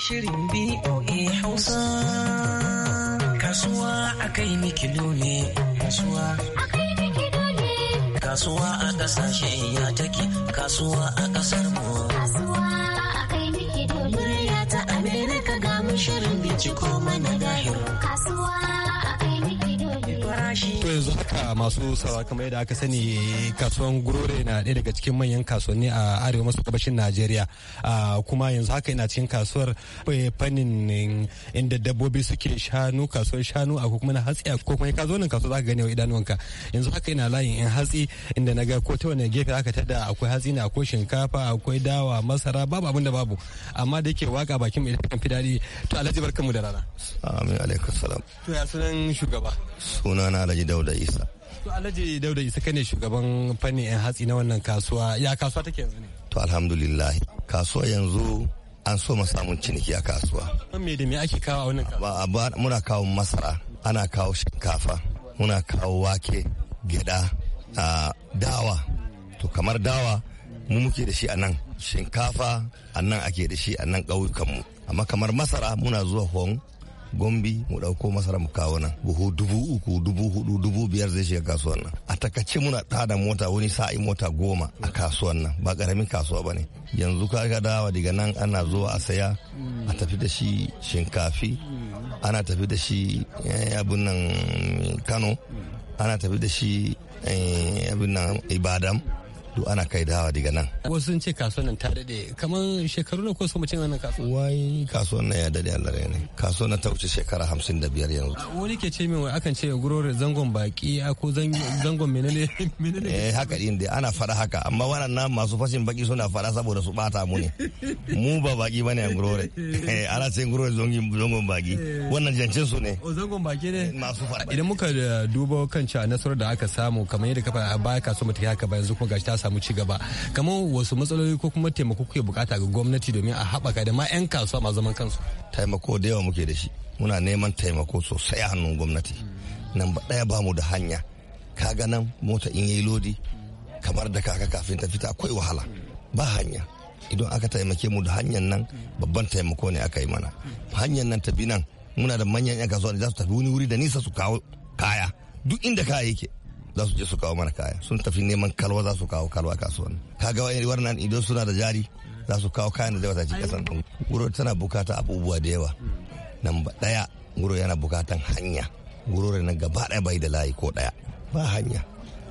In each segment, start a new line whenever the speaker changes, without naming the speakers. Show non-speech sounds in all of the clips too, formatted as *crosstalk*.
shirin BOA Hausa. Kasuwa a kai mikido ne. Kasuwa
ne.
Kasuwa a kasashe ya take.
Kasuwa a kasar mu.
Kasuwa a kai kilo ne. ya ta Amerika ga mu
shirin binciko mana.
masu sauraro kamar yadda aka sani kasuwan gurore na ɗaya daga cikin manyan kasuwanni a arewa maso gabashin najeriya kuma yanzu haka ina cikin kasuwar eh, fannin eh, inda dabbobi suke shanu kasuwar shanu a kuma na hatsi ko kuma ka zo nan kasuwa zaka gane wa idanuwanka yanzu haka ina layin in hatsi inda na ga ko ta wani gefe aka tada akwai hatsi ne akwai shinkafa akwai dawa masara babu abin da babu amma da yake waka bakin mai kan fi to alhaji barkamu da rana amin alaikum salam to ya sunan shugaba
sunana alhaji dauda isa
To Alhaji Dauda Isa kane shugaban fannin 'yan hatsi na wannan kasuwa
ya kasuwa take yanzu ne? To alhamdulillah kasuwa yanzu an so mu samu ciniki a kasuwa. Me da me ake kawo a wannan kasuwa? Muna kawo masara, ana kawo shinkafa, muna kawo wake, gyada, dawa. To kamar dawa mu muke da shi a nan shinkafa a nan ake da shi a nan ƙauyukanmu amma kamar masara muna zuwa hong gombi mu dauko masara mu kawo nan buhu dubu uku dubu hudu dubu biyar zai shiga kasuwan nan a takace muna tada mota wani sa'i mota goma a kasuwan nan ba karamin kasuwa bane yanzu ka ga dawa daga nan ana zuwa a saya a tafi da shi shinkafi ana tafi da shi eh, abin nan kano ana tafi da shi eh, abin nan ibadan duk ana kai da daga nan. Wasu sun ce kasuwan nan ta dade kamar shekaru na ko su mutum wannan kasuwan. Wai kasuwan nan ya dade Allah ne. Kasuwan nan ta wuce shekara hamsin da biyar yanzu. Wani
ke ce min wai akan ce gurorin
zangon baki ko zangon menene menene. Eh haka din dai ana fara haka amma nan masu fashin baki suna fara saboda su bata mu ne. Mu ba baki bane an gurore. Eh ana ce gurorin zangon baki. Wannan jancin su ne. O zangon baki ne. Masu fara. Idan muka
eh, duba kan cewa nasarar da aka samu kamar yadda kafa a baya kasuwa mutum haka ba yanzu kuma gashi ta samu ci gaba
kamar wasu matsaloli ko kuma taimako kuke bukata ga gwamnati domin a haɓaka da ma 'yan kasuwa masu zaman kansu taimako da yawa muke da shi muna neman taimako sosai a hannun gwamnati nan ba ɗaya bamu da hanya kaga nan mota in yi lodi kamar da kaka kafin ta fita akwai wahala ba hanya idan aka taimake mu da hanyar nan babban taimako ne aka yi mana hanyar nan ta bi nan muna da manyan yan kasuwa da za su tafi wani wuri da nisa su kawo kaya duk inda kaya yake za su je su kawo mana kaya sun tafi neman kalwa za su kawo kalwa kasuwan kaga wani wannan idan suna da jari za su kawo kayan da zai wata cikin kasan guro tana bukata abubuwa da yawa ba daya guro yana bukatan hanya guro na gaba daya bai da layi ko daya ba hanya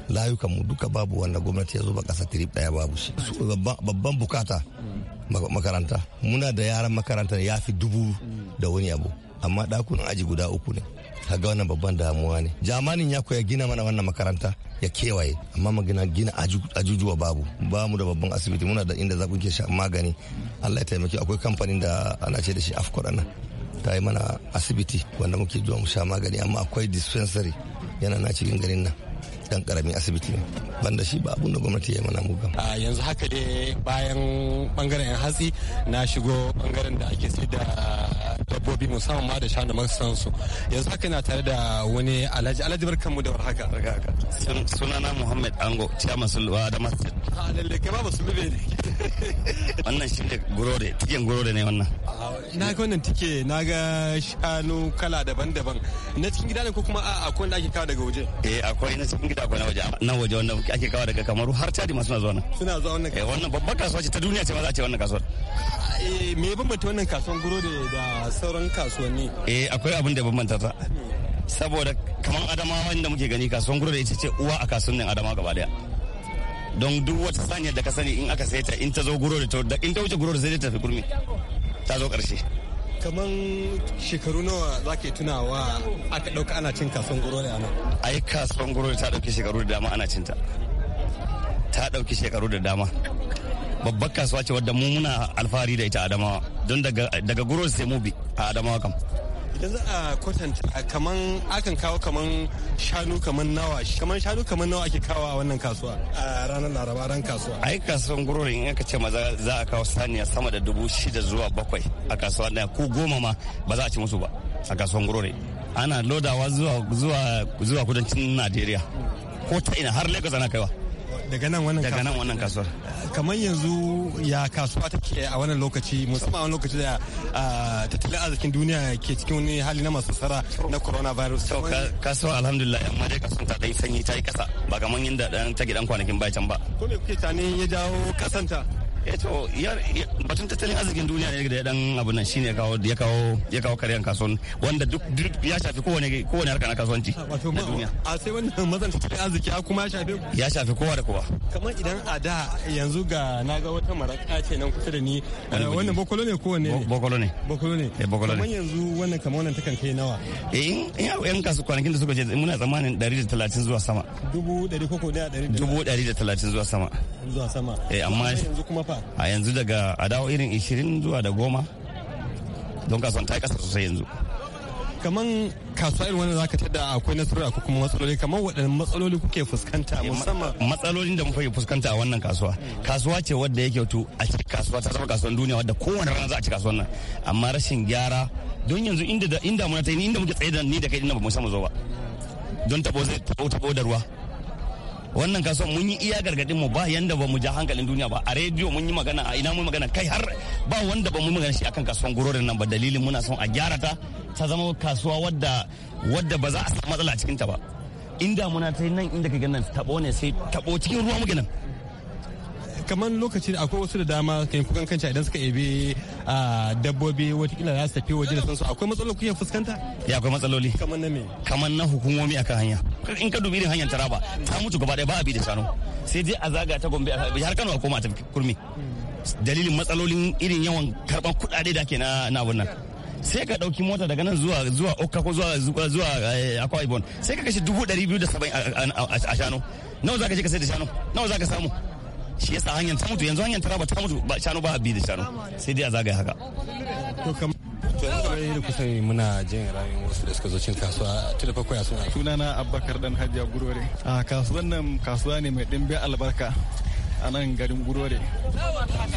layukan mu duka babu wanda gwamnati ya zuba kasa trip daya babu shi babban bukata makaranta muna da yaran makaranta ya fi dubu da wani abu amma dakunan aji guda uku ne kaga wannan babban damuwa ne jamanin ya koya gina mana wannan makaranta ya kewaye amma magana gina ajujuwa babu ba mu da babban asibiti muna da inda za ku ke magani allah ya taimaki akwai kamfanin da ana ce da shi afkor ana ta yi mana asibiti wanda muke zuwa mu sha magani amma akwai dispensary yana na cikin garin nan dan karamin asibiti ne banda shi ba abun da gwamnati ya mana mugan. a
yanzu haka dai bayan bangaren yan hatsi na shigo bangaren da ake sai da dabbobi musamman ma da shanu masansu yanzu haka na tare da wani alhaji alhaji barkan mu da warhaka
sunana muhammad ango chairman sulwa da masjid a ah, lalle kai ba musulmi ne *laughs* wannan shi ne gurore tiken gurore ne wannan
na ga wannan tike na ga shanu kala daban-daban na cikin gida ne ko kuma a akwai wanda ake kawo
daga waje eh akwai na cikin gida akwai na waje na waje wanda ake kawo daga kamaru har tadi masu na zuwa nan suna zuwa wannan kasuwa eh, wannan babbar kasuwa ce ta duniya ce ma za a ce wannan kasuwa.
eh me ya bambanta wannan kasuwan gurode
da sauran kasuwanni eh akwai abin da bambanta ta saboda kamar adamawa inda muke gani kasuwan da ita ce uwa a kasuwannin adamawa gaba daya don duk wata saniyar da ka sani in aka sai ta in ta zo gurore da in ta wuce gurore sai ta tafi kurmi ta zo karshe
kaman shekaru nawa za ke tunawa aka ɗauka ana cin kasuwan gurore a nan
ai kasuwan gurore ta ɗauki shekaru da dama ana cinta ta ɗauki shekaru da dama babbar kasuwa ce wadda mu muna alfahari da ita adamawa don daga gurore sai mu bi a Adama kam
idan za a kwatanta kaman akan kawo kaman shanu kaman nawa kaman shanu kaman nawa ake kawo a wannan kasuwa a ranar laraba ran kasuwa
yi kasuwan gurorin in aka ce ma za a kawo saniya sama da dubu shida zuwa bakwai a kasuwa daya ko goma ma ba za a ci musu ba a kasuwan gurori ana lodawa zuwa zuwa kudancin najeriya ko ta ina har lagos ana kaiwa daga nan wannan daga nan wannan kasuwar
kamar yanzu ya kasuwa take a wannan lokaci musamman a wannan lokaci da tattalin arzikin duniya ke cikin wani hali na masu sara na coronavirus to kasuwa alhamdulillah
amma dai kasuwar ta dai sanyi ta yi kasa ba kamar yanda dan ta gidan kwanakin bai can ba ko me kuke tani ya jawo kasanta eto eh, batun tattalin arzikin duniya ne da ya dan abu nan shine ya kawo ya kawo ya kawo karyan kasuwan wanda duk ya shafi kowane kowane harka na kasuwanci na duniya a sai wannan *laughs* matsalar tattalin arziki kuma ya shafe ya shafi kowa da kowa
kamar idan a da yanzu ga na ga wata maraka ce nan kusa da ni eh, wannan bokolo ne ko wanne bokolo ne bokolo
ne eh bokolo ne kamar
yanzu wannan kamar wannan takan kai nawa
eh in yan kasu kwanakin da suka ce muna tsammanin 130 zuwa sama
dubu 100 ko ko 100 dubu
130 zuwa sama zuwa sama eh amma yanzu kuma fa a yanzu daga a dawo irin 20 zuwa da goma don kasuwan ta yi kasa sosai yanzu kaman kasuwa irin wanda zaka tada akwai nasarar ko kuma matsaloli kaman waɗannan matsaloli kuke fuskanta eh, musamman matsalolin da muke fuskanta a wannan kasuwa hmm. kasuwa ce wadda yake wato a cikin kasuwa ta zama kasuwar duniya wadda kowane rana za a ci kasuwar nan amma rashin gyara don yanzu inda inda muna ta yi inda muke tsaye da ni da kai inda ba mu samu zo ba don tabo zai tabo tabo da ruwa wannan kasuwan mun yi iya gargadin mu ba yanda ba mu ja hankalin duniya ba a rediyo mun yi magana a ina mun magana kai har ba wanda ba mun magana shi akan kasuwan gurorin nan ba dalilin muna son a gyara ta ta zama kasuwa wadda wadda ba za a samu matsala a cikin ta ba inda muna ta nan inda ka ganin taɓo ne sai taɓo cikin ruwa muke nan
kamar lokacin akwai wasu da dama kan kukan kanci idan suka ebe dabbobi watakila za su tafi waje da sansu akwai matsaloli kuke fuskanta ya akwai matsaloli kamar na me
kamar na hukumomi akan hanya in ka dubi irin hanyar taraba ta mutu gaba ɗaya ba a bi da shanu sai dai a zaga ta gombe har kano a koma a tafi kurmi dalilin matsalolin irin yawan karban kuɗaɗe da ke na na wannan sai ka ɗauki mota daga nan zuwa zuwa okka ko zuwa zuwa eh, akwa ibon sai ka kashe dubu ɗari biyu da saba'in a shanu nawa za ka je ka sai da shanu nawa za ka samu shi yasa hanyar ta mutu yanzu hanyar taraba ta mutu ba shanu ba a bi da shanu sai dai a zagaya haka
to da kusan muna jin rayuwar
wasu da suka zo cin kasuwa tun da kwaya suna
Tuna na abubakar dan hajiya gurore a kasuwan nan kasuwa ne mai ɗimbin albarka a nan garin gurore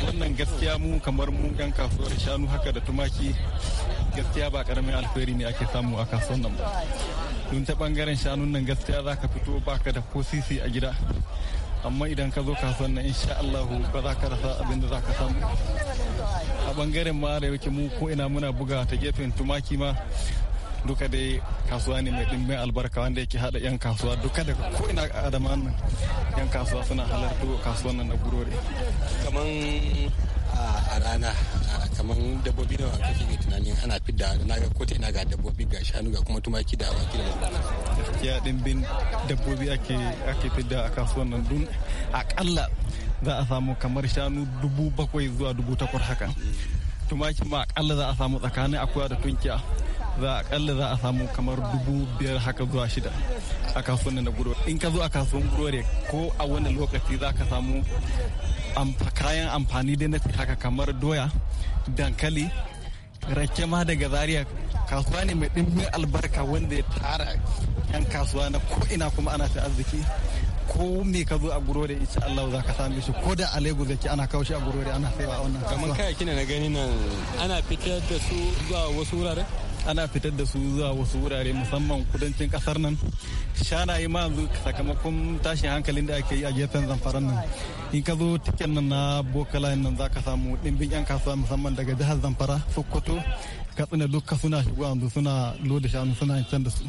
wannan gaskiya mu kamar mu yan kasuwar shanu haka da tumaki gaskiya ba karamin alheri ne ake samu a kasuwan nan ba don ta bangaren shanun nan gaskiya za ka fito baka da ko sisi a gida amma idan ka zo kasuwan nan insha Allah ba za ka rasa abin da za ka samu a bangaren ma da yake mu ko ina muna buga ta gefen tumaki ma duka dai kasuwa ne mai dimbin albarka wanda yake hada yan kasuwa duka ko ko'ina a adama yan kasuwa suna halarta kasuwan nan na gurore a rana kamar dabbobi nawa kake tunanin ana fidda na ga ko na ga dabbobi ga shanu ga kuma tumaki da awaki da gaskiya dimbin dabbobi ake ake fidda a kasuwan nan dun akalla za a samu kamar shanu dubu bakwai zuwa dubu takwas haka tumaki ma akalla za a samu tsakanin akuya da tunkiya za a kalla za a samu kamar dubu biyar haka zuwa shida a kasuwan na gurore in ka zo a kasuwan gurore ko a wani lokaci za ka samu kayan amfani da nasi haka kamar doya dankali rake ma daga zaria kasuwa ne mai ɗimbin albarka wanda ya tara 'yan kasuwa na ko'ina kuma ana ta arziki ko me ka zo a guro da insha Allah za ka same shi ko da a Lagos yake ana kawo shi a guro da ana saiwa a wannan kamar Kamar kayayyakin na gani nan ana fitar da su zuwa wasu wurare? ana fitar da su zuwa wasu wurare musamman kudancin kasar nan shanaye ma sakamakon tashin hankalin da ake yi a gefen zamfaran nan in ka zo tiken nan na bokala nan za ka samu ɗimbin 'yan kasuwa musamman daga jihar zamfara sokoto katsina duka suna shigo yanzu suna loda shanu suna can da su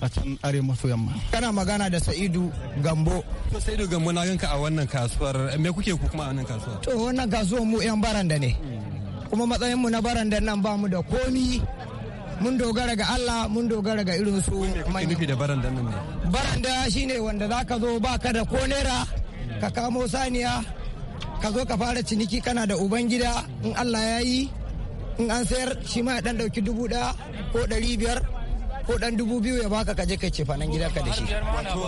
a can arewa maso yamma. Kana magana da Sa'idu Gambo.
To Sa'idu Gambo na ganka a wannan kasuwar me kuke ku kuma a wannan kasuwar?
To wannan kasuwar mu yan baranda ne. Kuma matsayin mu na baranda nan ba mu da komi mun dogara ga Allah mun dogara ga irin su nufi
da baranda nan ne
baranda shine wanda zaka zo baka da ko naira ka kamo saniya ka zo ka fara ciniki kana da ubangida in Allah ya yi in an sayar shi ma ya dan dauki dubu da ko ɗari biyar ko dan dubu biyu ya baka kaje kai ce fanan gidanka da shi.
Wato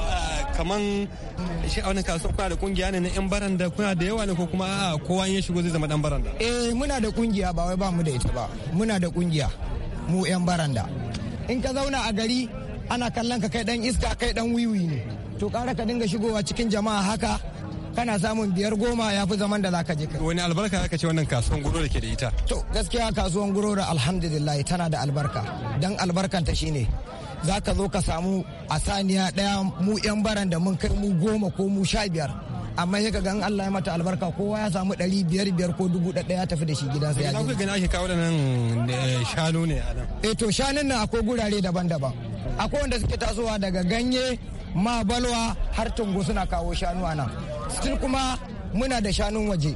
kaman shi a wani kasuwa kuna da kungiya ne na yan baranda kuna da yawa ne
ko kuma a kowa
ya shigo zai zama dan baranda.
Eh muna da kungiya ba wai ba mu da ita ba muna da kungiya mu 'yan baranda in ka zauna a gari ana kallon ka kai dan iska kai dan wiwi ne to kara ka dinga shigowa cikin jama'a haka kana samun biyar goma ya fi zaman da za ka je kai.
Wani albarka aka ce wannan kasuwan guro da ke da ita?
To gaskiya kasuwan guro da alhamdulillah tana da albarka dan albarkanta shine za ka zo ka samu a saniya daya mu 'yan baranda mun kai mu goma ko mu sha biyar amma sai kaga in Allah ya mata albarka kowa ya samu ɗari biyar biyar ko dubu ɗaya ya tafi da shi gida ya je. Kuka
gani ake kawo da nan eh, shanu ne a nan.
Eh to shanun nan akwai gurare daban-daban. Akwai wanda suke tasowa daga ganye ma balwa har tungu suna kawo shanu a nan. Still kuma muna da shanun waje.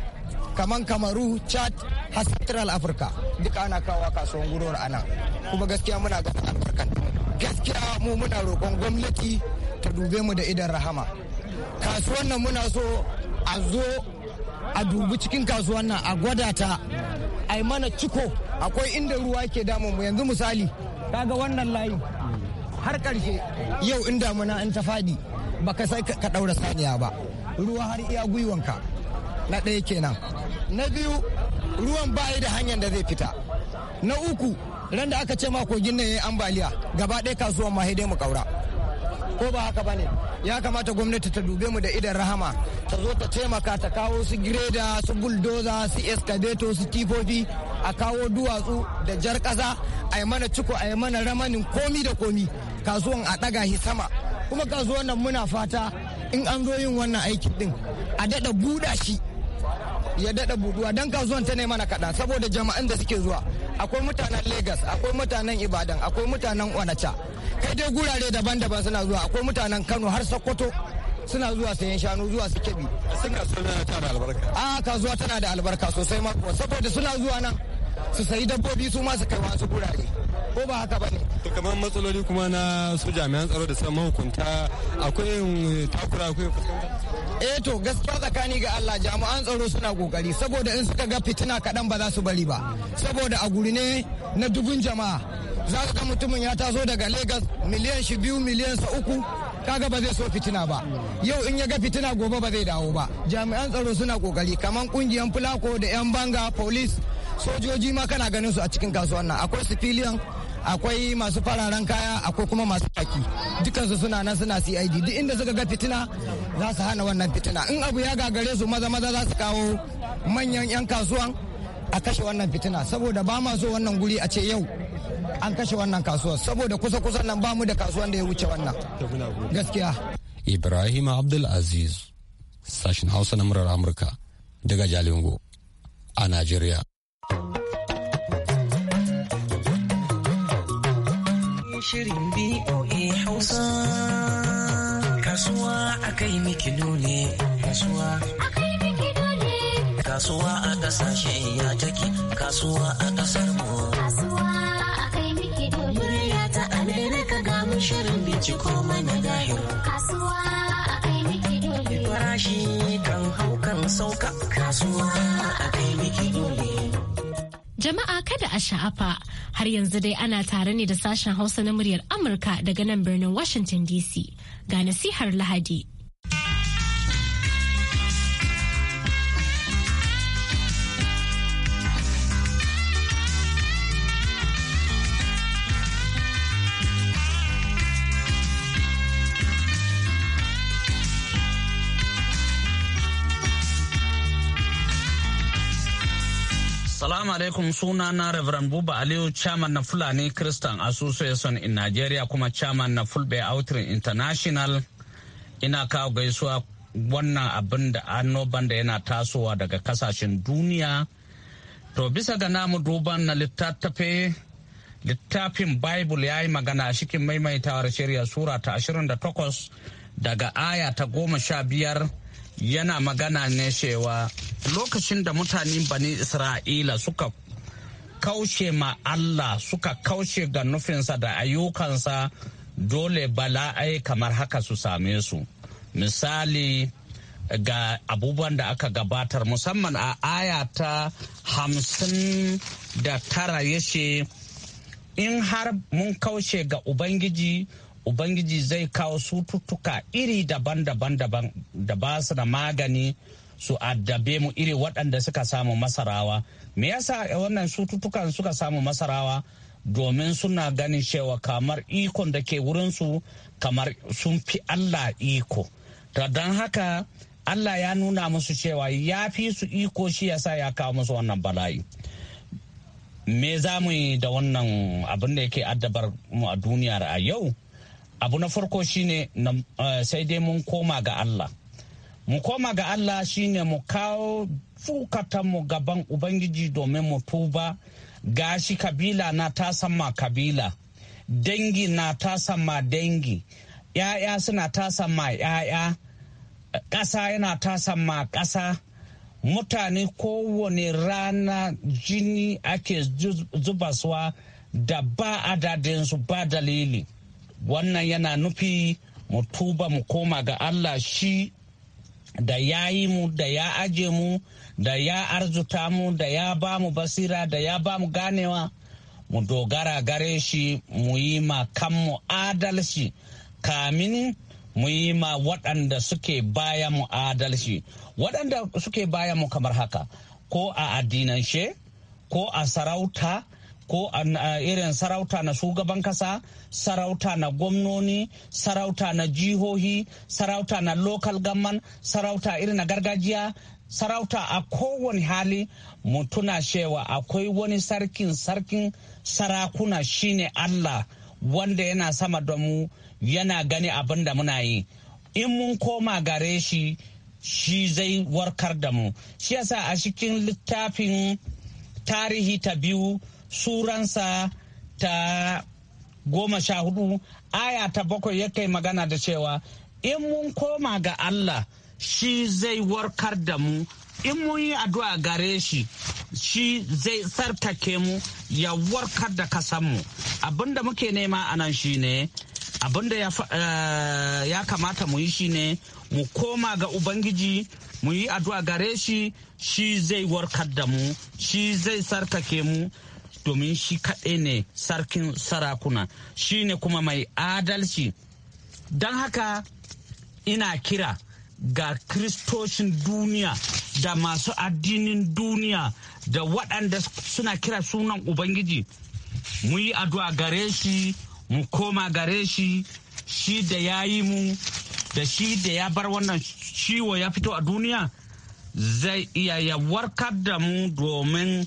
kamar kamaru chad har central africa duka ana kawo kasuwan a nan. kuma gaskiya muna ganin albarkan gaskiya mu muna roƙon gwamnati ta dube mu da idan rahama kasuwan nan muna so a zo a dubi cikin kasuwan nan a gwada ta a yi mana ciko akwai inda ruwa ke damun mu yanzu misali kaga wannan layi har karshe yau in damuna in ta fadi baka sai ka daura saniya ba ruwa har iya gwiwanka na ɗaya kenan na biyu ruwan bayi da hanyar da zai fita na uku ran da aka ce ma kogin nan ya yi ambaliya gaba ɗaya kasuwan ma mu kaura ko ba haka bane ya kamata gwamnati ta dube mu da idan rahama ta zo ta taimaka ta kawo su gireda su buldoza su excavator su tifofi a kawo duwatsu da jar kaza a yi mana ciko a yi mana ramanin komi da komi kasuwan a daga shi sama kuma kasuwan nan muna fata in an zo yin wannan aikin din a daɗa buɗa shi ya dada buduwa don kasuwan ta ne mana kaɗan saboda jama'an da suke zuwa akwai mutanen lagos akwai mutanen ibadan akwai mutanen onacha kai dai gurare daban-daban suna zuwa akwai mutanen kano har sokoto suna zuwa sayan shanu zuwa su kebi a kasuwa tana da albarka sosai mako saboda suna zuwa nan su sayi dabbobi su masu kaiwa su gurare ko ba haka ba ne.
To kamar matsaloli kuma na su jami'an tsaro da sauran mahukunta
akwai eh, takura akwai Eh to gaskiya tsakani ga Allah jami'an tsaro suna kokari saboda in suka ga fitina kaɗan ba za su bari ba saboda a guri ne na dubun jama'a za su ga mutumin ya taso daga Lagos miliyan shi biyu miliyan sa uku kaga ba zai so fitina ba yau in ya ga fitina gobe ba zai dawo ba jami'an tsaro suna kokari kamar kungiyan fulako da yan banga police sojoji ma kana ganin su a cikin kasuwan nan akwai civilian akwai masu fararen kaya akwai kuma masu baki dukansu suna nan suna cid duk inda suka ga fitina za su hana wannan fitina in abu ya gagare su maza maza za su kawo manyan 'yan kasuwan a kashe wannan fitina saboda ba ma so wannan guri a ce yau an kashe wannan kasuwar saboda kusa kusan nan ba mu da kasuwan da ya wuce wannan gaskiya
ibrahim abdulaziz sashin hausa na murar amurka
daga jalingo a najeriya
Shirin BOA Hausa.
Kasuwa a kai miki dole. Kasuwa. a miki Kasuwa a kasashe ya take. Kasuwa a kasar mu.
Kasuwa a kai miki dole. Murya ta Amerika ga mu shirin binciko mana gahir. Kasuwa a kai miki dole. Farashi kan hau kan sauka. Kasuwa a kai miki dole. Jama'a kada a sha'afa har yanzu dai ana tare ne da sashen Hausa na muryar Amurka daga nan birnin Washington DC ga nasihar Lahadi.
Salamu alaikum suna na Reverend Buba Aliyu chairman na Fulani Christian Association in Nigeria kuma chairman na Fulbe Outreach International ina kawo gaisuwa wannan abin da annoban da yana tasowa daga kasashen duniya. To bisa ga namu duban na littattafe littafin Bible ya yi magana a cikin maimaitawar shirya Sura ta 28 daga aya ta goma sha biyar. yana magana ne cewa lokacin da mutanen bani isra'ila suka kaushe ma Allah suka kaushe ga nufinsa da ayyukansa dole bala'ai kamar haka su same su misali ga abubuwan da aka gabatar musamman a aya ta hamsin da tara ya ce in har mun kaushe ga ubangiji ubangiji zai kawo sututtuka iri daban-daban da ba su da magani su addabe mu iri waɗanda suka samu masarawa me yasa wannan sututtukan suka samu masarawa domin suna ganin cewa kamar ikon da ke wurinsu kamar sun fi allah iko ta don haka allah ya nuna musu cewa ya fi su iko shi yasa ya kawo musu wannan bala'i me za mu yi da wannan abin da yake addabar mu a duniyar a yau abu na farko shine eh, sai dai mun koma ga Allah mu koma ga Allah shine mu kawo mu gaban ubangiji domin mu tuba gashi kabila na ta sama kabila dangi na ta sama dangi ‘ya'ya suna ta sama ‘ya'ya ƙasa yana ta sama ƙasa mutane kowane rana jini ake zubaswa da ba adadinsu ba dalili. wannan yana nufi mu tuba mu koma ga allah shi da ya yi mu da ya aje mu da ya arzuta mu da ya ba mu basira da ya ba mu ganewa mu dogara gare shi mu yi ma kanmu adalci kamin mu yi ma waɗanda suke baya mu adalci waɗanda suke baya mu kamar haka ko a addinanshe ko a sarauta ko irin sarauta na shugaban kasa sarauta na gwamnoni sarauta na jihohi sarauta na local government sarauta irin na gargajiya sarauta a kowane hali mutuna tuna cewa akwai wani sarkin sarkin sarakuna shine Allah wanda yana sama da mu yana gani abin da muna yi in mun koma gare shi shi zai warkar da mu shi yasa a cikin littafin tarihi ta biyu suransa ta goma sha hudu aya ta bakwai ya kai magana da cewa in mun koma ga Allah shi zai warkar da mu in mun yi addu'a gare shi shi zai tsarkake mu ya warkar da kasanmu abinda muke nema a nan shine abinda ya, uh, ya kamata mu yi shi ne mu koma ga ubangiji mu yi addu'a gare shi shi zai warkar da mu shi zai sarkake mu domin shi kaɗai ne sarkin sarakuna shi ne kuma mai adalci don haka ina kira ga kristoshin duniya da masu addinin duniya da waɗanda suna kira sunan ubangiji mu yi addu'a gare shi mu koma gare shi shi da ya yi mu da shi da ya bar wannan ciwo ya fito a duniya zai iya ya warkar da mu domin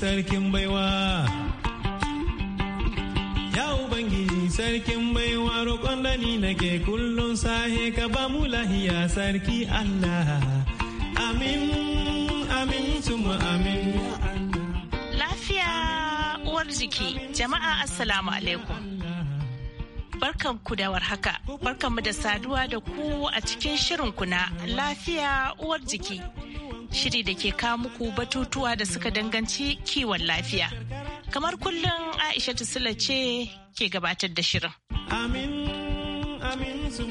sarkin baiwa. Ya Ubangiji sarkin baiwa roƙon da ni nake kullum sahe ka ba mu lahiya sarki Allah.
Amin,
amin, tuma amin.
Lafiya uwar jiki, jama'a Assalamu alaikum. barkan ku da warhaka barkan mu da saduwa da ku a cikin shirin kuna lafiya uwar jiki shiri da ke kawo muku batutuwa da suka danganci kiwon lafiya. Kamar kullum Aisha Sula ce ke gabatar da shirin.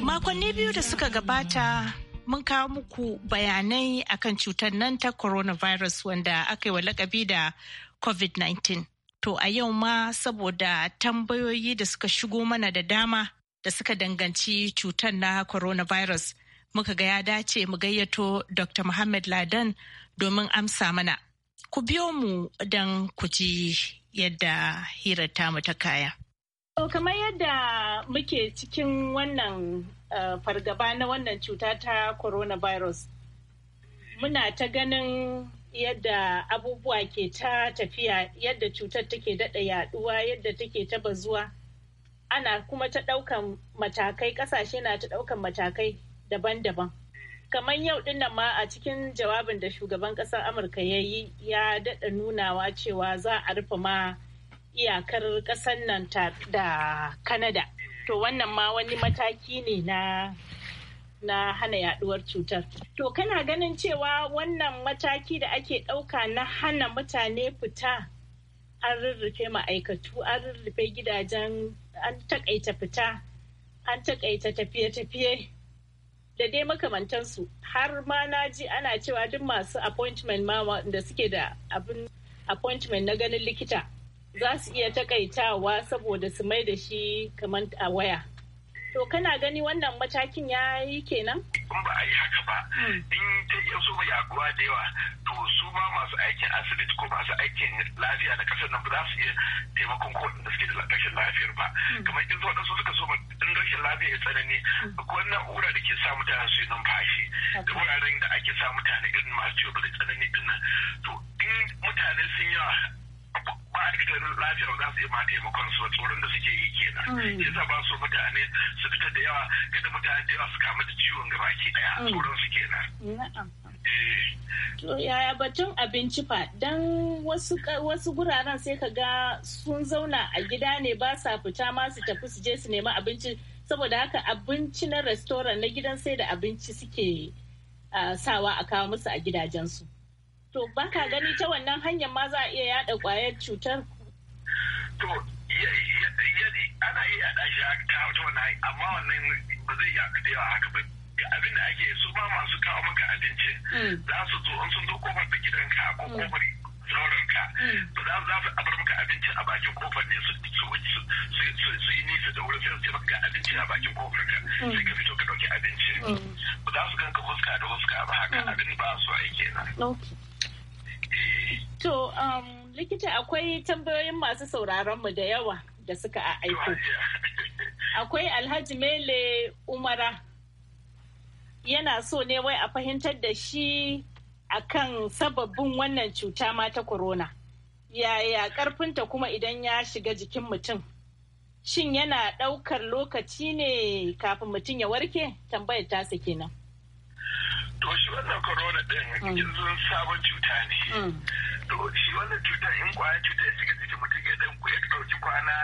Makonni biyu da suka gabata mun kawo muku bayanai akan cutar nan ta coronavirus wanda aka yi wa lakabi da COVID-19. To a yau ma saboda tambayoyi da suka shigo mana da dama da suka danganci cutar na coronavirus muka ga ya dace mu gayyato Dr. Muhammad Ladan domin amsa mana. Ku biyo mu don ku ji yadda hirar tamu ta kaya. To kamar yadda muke cikin wannan eh, fargaba na wannan cuta ta coronavirus, muna ta ganin yadda abubuwa ke ta tafiya yadda cutar take daɗa yaɗuwa yadda take ta bazuwa ana kuma ta ɗaukan matakai ƙasashe na ta ɗaukan matakai daban-daban kamar yau din ma a cikin jawabin da shugaban ƙasar amurka ya yi ya daɗa nunawa cewa za a rufe ma iyakar ƙasar nan da kanada to wannan ma wani mataki ne na na hana yaduwar cutar. To kana ganin cewa wannan mataki da ake ɗauka na hana mutane fita an rurrufe ma'aikatu, an rurrufe gidajen, an taƙaita fita, an taƙaita tafiye-tafiye da dai makamantansu har ma na ji ana cewa duk masu appointment ma da suke da abin appointment na ganin likita za su iya takaitawa saboda su mai da shi kamar a waya to kana gani wannan matakin ya yi kenan?
kuma ba a yi haka ba hmm. in ta iya so mai yaguwa da yawa to su ma masu aikin asibiti ko masu aikin lafiya na kasar nan ba za su iya taimakon ko da suke da lafiyar ba hmm. kamar in zuwa su suka so rashin lafiya ya tsanani akwai na'ura da ke sa mutane su yi numfashi da wuraren da ake sa mutane irin masu ciwo da tsanani din nan to in mutane sun yi ba a ma'aikatan lafiya ba za su iya ma taimakon su tsoron da suke yi kenan hmm. yasa ba su mutane su fita da yawa kada mutane da yawa su kama da ciwon gaba ke daya hmm. tsoron su kenan
eh. yaya batun abinci fa don wasu guraren sai ka ga sun zauna a gida ne ba sa fita ma su tafi su je su nemi abinci saboda haka abinci na restoran na gidan sai da abinci suke sawa a kawo musu a gidajensu to ba gani ta wannan hanyar ma za a iya yada kwayar cutar to ana
iya yada shi ta wata wannan amma wannan ba zai yaɗu da yawa haka ba abin da ake su ba masu kawo maka abinci. Mm. za su zo in sun zo kofar da gidanka ko kofar mm. restauranka ba mm. za su a bar maka abinci a bakin kofar ne su yi nisa da wurin sai su maka ga abinci a bakin kofar ka mm. sai ka fito ka ɗauki abinci mm. ba za su ganka huska da huska ba haka abin ba su ai kenan.
Eh. To um, likita akwai tambayoyin masu sauraron mu da yawa da suka aiko. *laughs* Akwai Alhaji Mele Umara yana so ne wai a fahimtar da shi akan sababbin wannan cuta ma ta corona yaya karfinta kuma idan ya shiga jikin mutum shin yana ɗaukar lokaci ne kafin mutum ya warke tambayar tasa kenan to
shi wannan corona din yanzu mm. sabon cuta ne mm. to shi wannan cuta in kwaya cuta ya shiga jikin mutum ya dan ya ɗauki kwana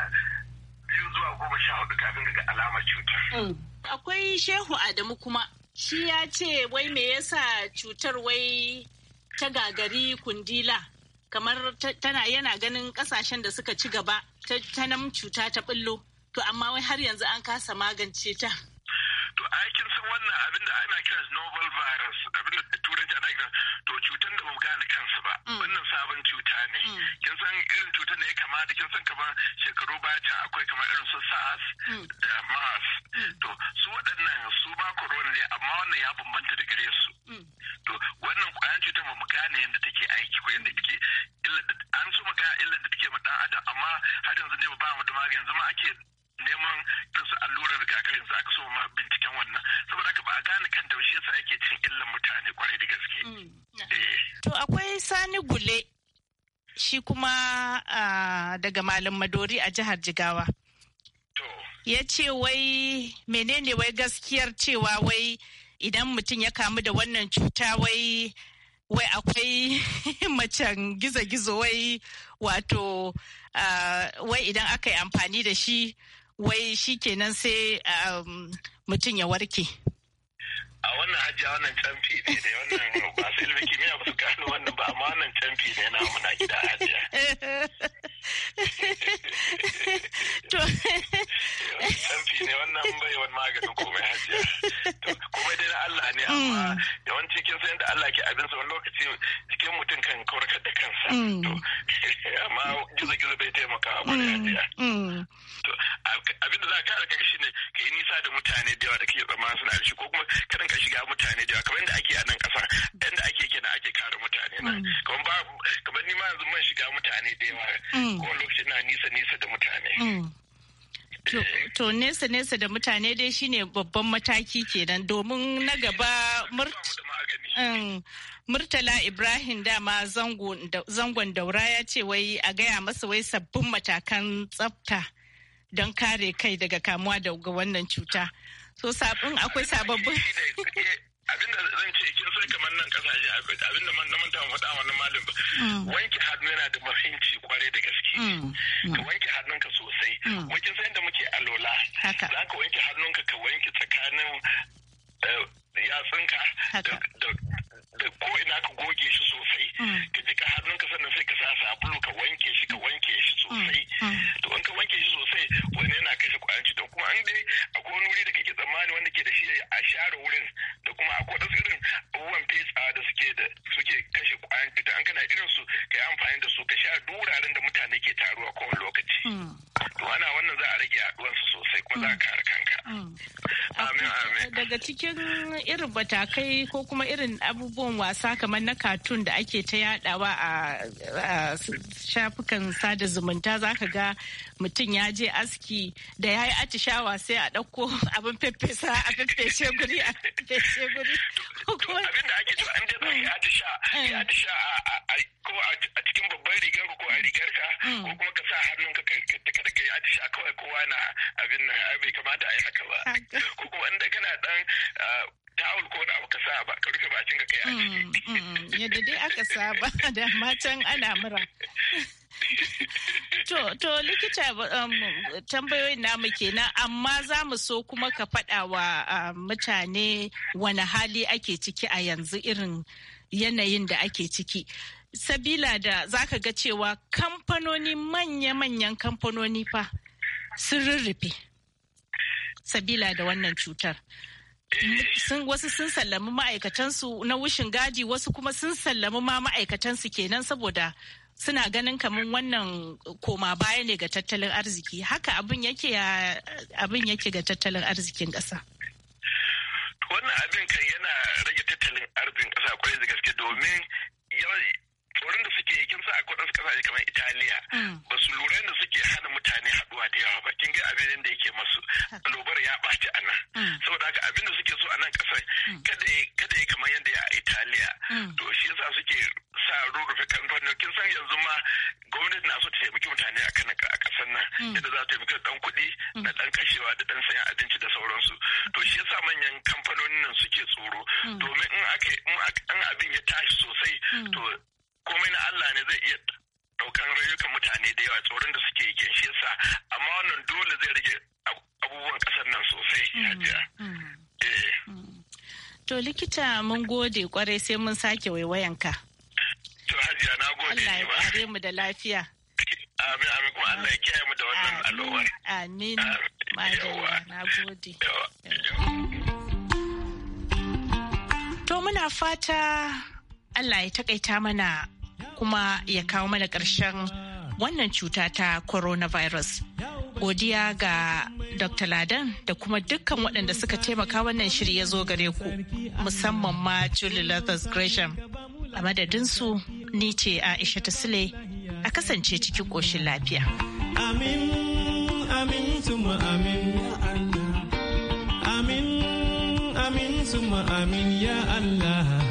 biyu zuwa goma sha hudu kafin ga alamar cutar
mm. akwai shehu adamu kuma shi ya ce wai me yasa cutar wai ta gagari kundila kamar tana yana ganin kasashen da suka ci gaba ta nan cuta ta billo to amma wai har yanzu an kasa magance ta aikin sun wannan abin da ana kira novel virus
abin da turanci ana kira to cutan da ba gane kansu ba mm. wannan sabon cuta ne mm. kin san irin cutan da ya kama da kin san kamar shekaru baya can akwai kamar irin su SARS mm. da MERS to su waɗannan su ba corona ne amma wannan ya bambanta da gare su to wannan kwayan cutar ba mu gane yadda take aiki ko yadda take an so mu illa da take ma dan adam amma har yanzu ne ba mu da magani yanzu ma ake neman irin su allurar rigakafi yanzu aka so ma binciken wannan saboda haka ba gane kan da shi ake cin illan
mutane kwarai da gaske.
Mm. Eh. To akwai Sani Gule shi kuma daga Malam Madori a jihar Jigawa. Ya ce wai menene wai gaskiyar cewa wai idan mutum ya kamu da wannan cuta wai wai akwai *laughs* macen gizo-gizo wai wato wai idan aka yi amfani da shi wai shi kenan sai um, mutum ya warke.
a wannan a wannan canfi ne da wannan ba ilmi kimiyya ba su gano wannan ba amma wannan canfi ne na muna gida Hajji.
*laughs* to
ne wannan bai wani maganin komai hajiya komai dai na Allah ne mm. amma yawanci kin san da Allah ke abinsa wani lokaci cikin mutum kan kaurkar da kansa mm. *laughs* amma gizo gizo bai taimaka a gwada mm. hajiya abinda za ka kare shi ne ka yi nisa da mutane da yawa da kake tsammanin suna da shi ko kuma kadan ka shiga mutane da yawa kamar yadda ake a nan kasa yadda ake kenan ake kare mutane nan kamar ba ma yanzu man shiga mutane da yawa mm. ko lokaci na nisa nisa da mutane mm.
eh. To, nesa nesa da mutane dai shine babban mataki kenan domin na gaba mm. Murtala Ibrahim dama zangon daura ya ce wai a gaya masa wai sabbin matakan tsafta don kare kai daga kamuwa daga wannan cuta. So sabbin akwai sababbin. abinda zan ce kin sai kamar nan
kasashe abinda man manta ta faɗa wannan malam mm. wanke hannu yana da mafinci kwarai da gaske mm. Mm. ka wanke hannunka sosai wajen sai da muke alola za ka wanke hannunka ka wanke tsakanin eh, yatsunka ko ina ka goge shi sosai mm. ka jika hannun ka sannan sai ka sa sabulu ka wanke shi ka wanke shi mm. sosai mm. to in ka wanke shi sosai wani yana kashe kwayan cutar kuma an dai akwai wani wuri da kake tsammani wanda ke da shi a share wurin da kuma akwai wasu irin abubuwan fesa da suke da suke kashe kwayan cuta an kana irin su ka yi amfani da su ka sha duraren da mutane ke taruwa kowane lokaci. Wana wannan za a rage yaduwansu sosai kuma za a kare kanka. Mm. Mm. Amin amin.
Daga cikin irin batakai ko kuma irin abubuwan wasa kamar na katun da ake ta yadawa a shafukan sada zumunta zaka ga mutum ya je aski da ya yi atishawa sai a ɗauko *laughs* abin fefesa a guri a guri.
to abin da ake so an da zai ya atisha a mm. ko a cikin
babban rigar ko a rigar ka mm. ko kuma ka sa hannun ka kada ka yi atisha kawai kowa na abin nan bai kamata a yi haka
ba ko kuma inda kana dan ah, tawul ko da ka sa ba ka rufe bakin ka kai a ciki mm, mm. yadda dai aka saba *laughs* da matan ana mura *laughs* to, to likita um, tambayoyin namu kenan amma za mu so kuma ka faɗa wa um, mutane wani hali ake ciki a yanzu irin yanayin da ake ciki. Sabila da zaka ga cewa kamfanoni manya-manyan kamfanoni fa sun rurrufe. Sabila da wannan cutar. sun wasu sun sallami ma'aikatansu na wushin gadi wasu kuma sun sallami ma ma'aikatansu kenan saboda suna ganin kamar wannan koma baya ne ga tattalin arziki haka abin yake abin ga tattalin arzikin kasa. wannan abin kan yana rage tattalin
arzikin ƙasa kwarai da gaske domin tsoron da suke kin sa a wasu kasashe kamar Italiya mm. ba su lura da suke hana mutane haduwa da yawa ba kin ga abin da yake masu lobar ya baci a nan mm. saboda haka abin da suke so a nan kasar mm. kada kada ya kamar yadda ya a Italiya to shi yasa suke sa rurrufe kamfanin kin san yanzu ma gwamnati na so ta taimaki mutane a kan a kasar nan yadda za ta taimaki dan kuɗi na dan kashewa da dan sayan abinci da sauransu to shi yasa manyan kamfanonin nan suke tsoro domin in aka in abin ya tashi sosai to zai iya daukan rayukan mutane da yawa tsoron da suke yi shi yasa amma wannan dole zai rage abubuwan kasar nan sosai mm-hmm. hajiya mm-hmm. Eh.
Mm-hmm. to likita mun gode kwarai sai mun sake waiwayan ka
to hajiya na gode Allah
ya kare mu da lafiya amin amin kuma Allah ya kiyaye mu da wannan alowar amin
madalla na gode
to muna fata Allah ya takaita mana kuma ya kawo mana ƙarshen wannan cuta ta coronavirus. Godiya ga Dr. Ladan da kuma dukkan waɗanda suka taimaka wannan shiri ya zo gare ku musamman ma Julie Lathers Gresham. A madadinsu ni ce Aisha Sule a kasance cikin ƙoshin lafiya. Amin, amin,
suma amin, ya Allah. Amin, amin, suma amin, ya Allah.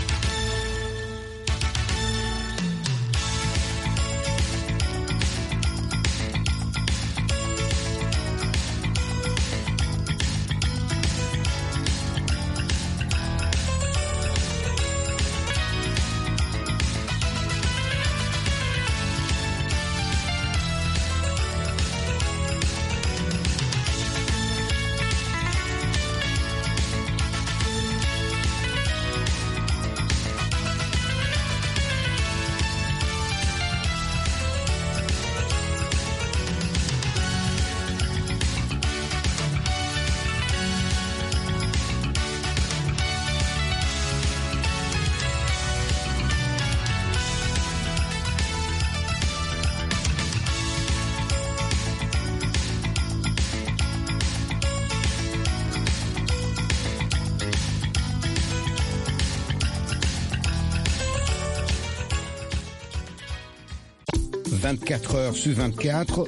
4 heures sur 24,